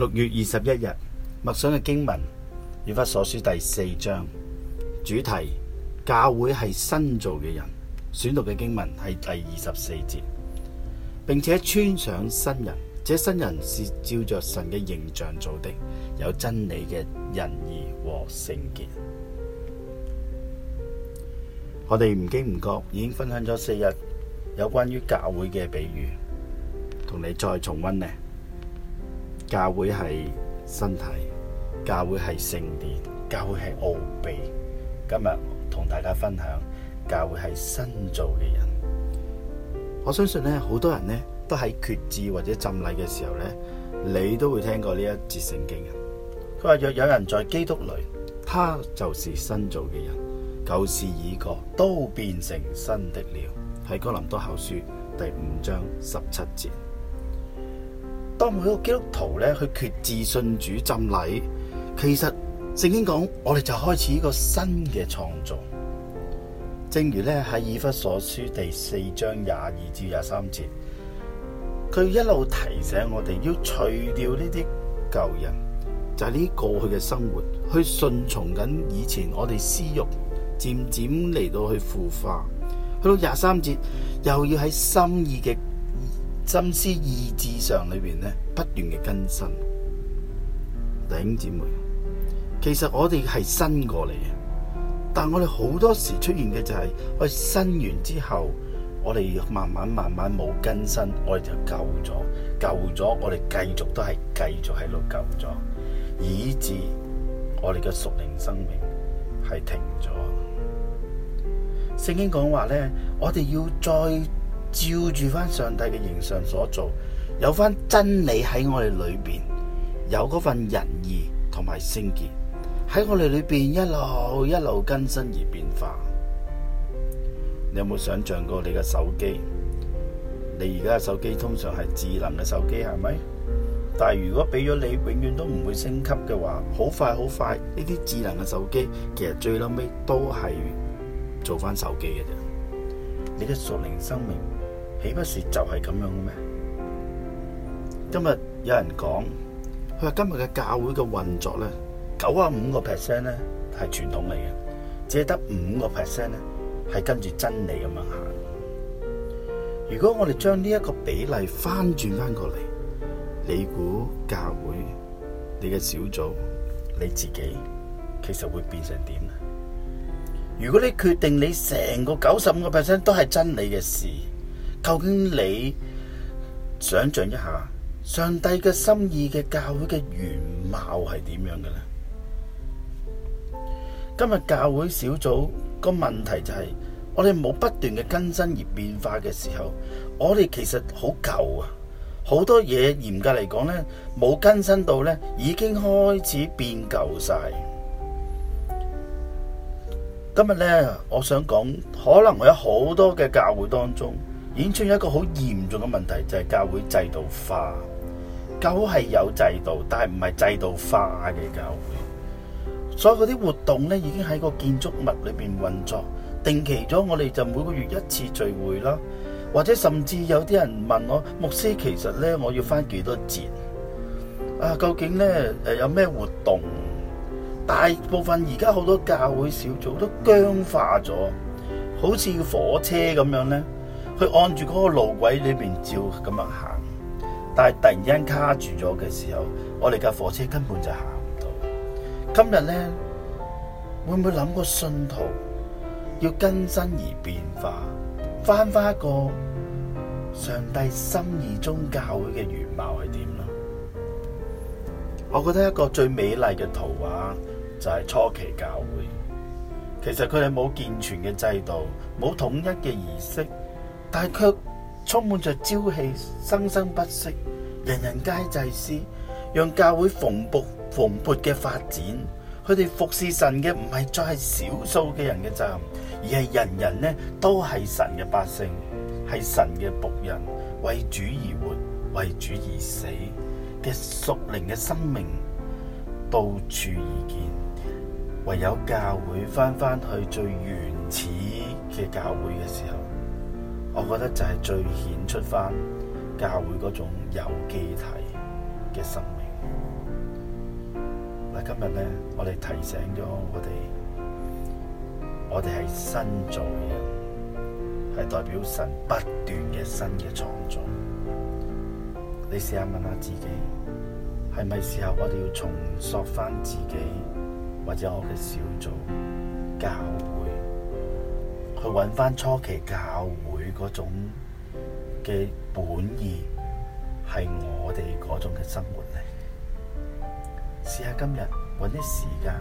六月二十一日默想嘅經文，以弗所書第四章，主題教會係新造嘅人，選讀嘅經文係第二十四節，並且穿上新人，這新人是照着神嘅形象造的，有真理嘅仁義和聖潔。我哋唔經唔覺已經分享咗四日有關於教會嘅比喻，同你再重溫呢。教會係身體，教會係聖殿，教會係奧秘。今日同大家分享，教會係新造嘅人。我相信咧，好多人咧都喺決志或者浸禮嘅時候咧，你都會聽過呢一節聖經嘅。佢話若有人在基督裏，他就是新造嘅人，舊事已過，都變成新的了。喺哥林多後書第五章十七節。當每一個基督徒咧去決志信主浸禮，其實聖經講我哋就開始一個新嘅創造。正如咧喺以弗所書第四章廿二至廿三節，佢一路提醒我哋要除掉呢啲舊人，就係呢過去嘅生活，去順從緊以前我哋私欲，漸漸嚟到去腐化。去到廿三節又要喺心意嘅。心思意志上裏邊咧不斷嘅更新，弟兄姊妹，其實我哋係新過嚟嘅，但我哋好多時出現嘅就係、是、我哋新完之後，我哋慢慢慢慢冇更新，我哋就舊咗，舊咗，我哋繼續都係繼續喺度舊咗，以致我哋嘅屬靈生命係停咗。聖經講話呢，我哋要再。照住翻上帝嘅形象所做，有翻真理喺我哋裏邊，有嗰份仁義同埋聖潔喺我哋裏邊，一路一路更新而變化。你有冇想象過你嘅手機？你而家嘅手機通常係智能嘅手機，係咪？但係如果俾咗你永遠都唔會升級嘅話，好快好快呢啲智能嘅手機，其實最嬲尾都係做翻手機嘅啫。你嘅屬靈生命。豈不是就係咁樣嘅咩？今日有人講，佢話今日嘅教會嘅運作咧，九十五個 percent 咧係傳統嚟嘅，只係得五個 percent 咧係跟住真理咁樣行。如果我哋將呢一個比例翻轉翻過嚟，你估教會、你嘅小組、你自己，其實會變成點？如果你決定你成個九十五個 percent 都係真理嘅事。究竟你想象一下上帝嘅心意嘅教會嘅原貌係點樣嘅呢？今日教會小組個問題就係、是，我哋冇不斷嘅更新而變化嘅時候，我哋其實好舊啊！好多嘢嚴格嚟講呢，冇更新到呢已經開始變舊晒。今日呢，我想講，可能我有好多嘅教會當中。演出有一個好嚴重嘅問題，就係、是、教會制度化。教會係有制度，但係唔係制度化嘅教會。所以嗰啲活動呢，已經喺個建築物裏邊運作，定期咗我哋就每個月一次聚會啦，或者甚至有啲人問我牧師，其實呢？我要返幾多節、啊、究竟呢？呃、有咩活動？大部分而家好多教會小組都僵化咗，好似火車咁樣呢。佢按住嗰個路軌裏邊照咁樣行，但係突然間卡住咗嘅時候，我哋架火車根本就行唔到。今日呢，會唔會諗過信徒要更新而變化，翻翻一個上帝心意中教會嘅原貌係點咧？我覺得一個最美麗嘅圖畫就係初期教會，其實佢哋冇健全嘅制度，冇統一嘅儀式。但卻充滿着朝氣，生生不息，人人皆祭司，讓教會蓬勃蓬勃嘅發展。佢哋服侍神嘅唔係再係少數嘅人嘅責任，而係人人呢，都係神嘅百姓，係神嘅僕人，為主而活，為主而死嘅屬靈嘅生命到處而見。唯有教會翻翻去最原始嘅教會嘅時候。我覺得就係最顯出翻教會嗰種有機體嘅生命。嗱，今日咧，我哋提醒咗我哋，我哋係新造嘅人，係代表神不斷嘅新嘅創造。你試下問下自己，係咪時候我哋要重塑翻自己，或者我嘅小組教會？去揾翻初期教會嗰種嘅本意，係我哋嗰種嘅生活嚟。試下今日揾啲時間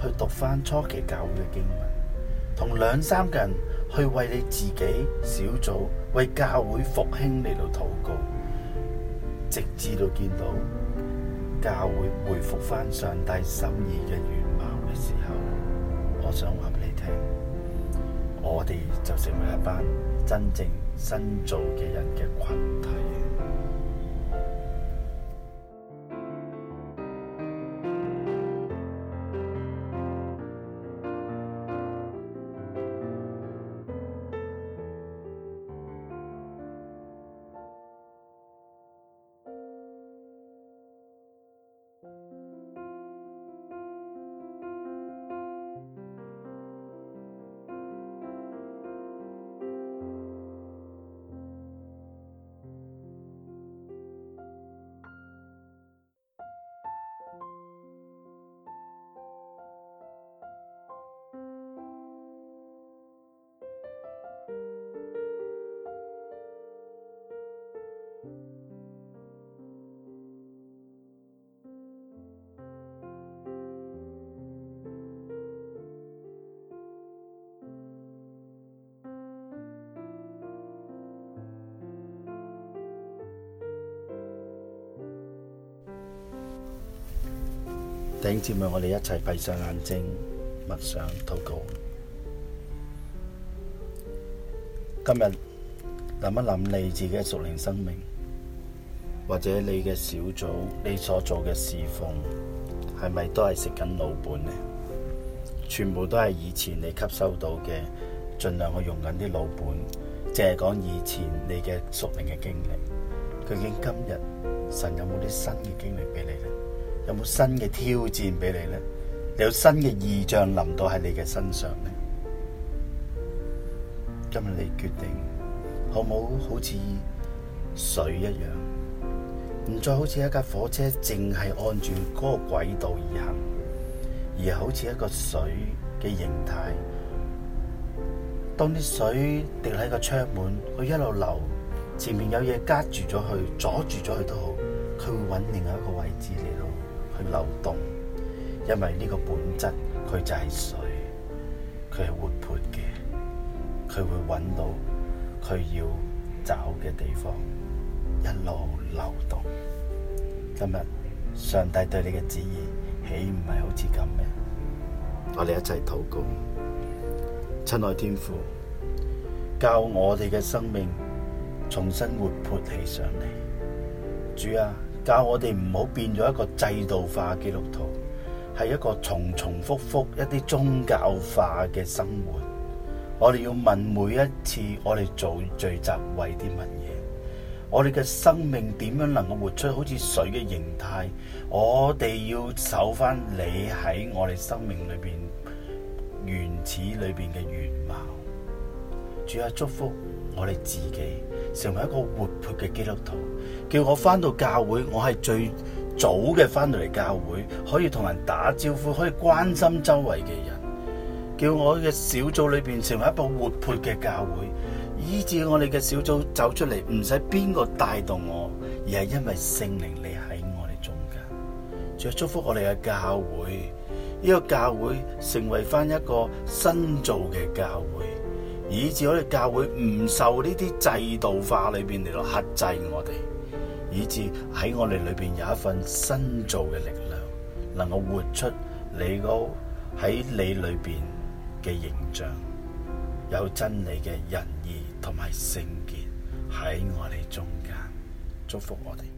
去讀翻初期教會嘅經文，同兩三個人去為你自己小組、為教會復興嚟到禱告，直至到見到教會回復翻上帝心意嘅原貌嘅時候，我想話俾你聽。我哋就成為一班真正新造嘅人嘅群體。電影節，我哋一齊閉上眼睛默想禱告。今日諗一諗你自己嘅屬靈生命，或者你嘅小組，你所做嘅侍奉，係咪都係食緊老本呢？全部都係以前你吸收到嘅，盡量去用緊啲老本，淨係講以前你嘅屬靈嘅經歷。究竟今日神有冇啲新嘅經歷俾你咧？有冇新嘅挑戰俾你呢？你有新嘅異象臨到喺你嘅身上呢？今日你決定，好冇好似水一樣，唔再好似一架火車，淨係按住嗰個軌道而行，而好似一個水嘅形態。當啲水滴喺個窗門，佢一路流，前面有嘢隔住咗佢，阻住咗佢都好，佢會揾另一個位置嚟。佢流動，因為呢個本質佢就係水，佢係活潑嘅，佢會搵到佢要找嘅地方，一路流動。今日上帝對你嘅旨意豈唔係好似咁咩？我哋一齊禱告，親愛天父，教我哋嘅生命重新活潑起上嚟，主啊！教我哋唔好變咗一個制度化基督徒，係一個重重復復一啲宗教化嘅生活。我哋要問每一次我哋做聚集為啲乜嘢？我哋嘅生命點樣能夠活出好似水嘅形態？我哋要守翻你喺我哋生命裏邊原始裏邊嘅原貌。主啊，祝福我哋自己。成為一個活潑嘅基督徒，叫我翻到教會，我係最早嘅翻到嚟教會，可以同人打招呼，可以關心周圍嘅人，叫我嘅小組裏邊成為一個活潑嘅教會，以致我哋嘅小組走出嚟，唔使邊個帶動我，而係因為聖靈你喺我哋中間，仲要祝福我哋嘅教會，呢、這個教會成為翻一個新造嘅教會。以致我哋教會唔受呢啲制度化裏邊嚟到克制我哋，以致喺我哋裏邊有一份新造嘅力量，能夠活出你個喺你裏邊嘅形象，有真理嘅仁義同埋聖潔喺我哋中間，祝福我哋。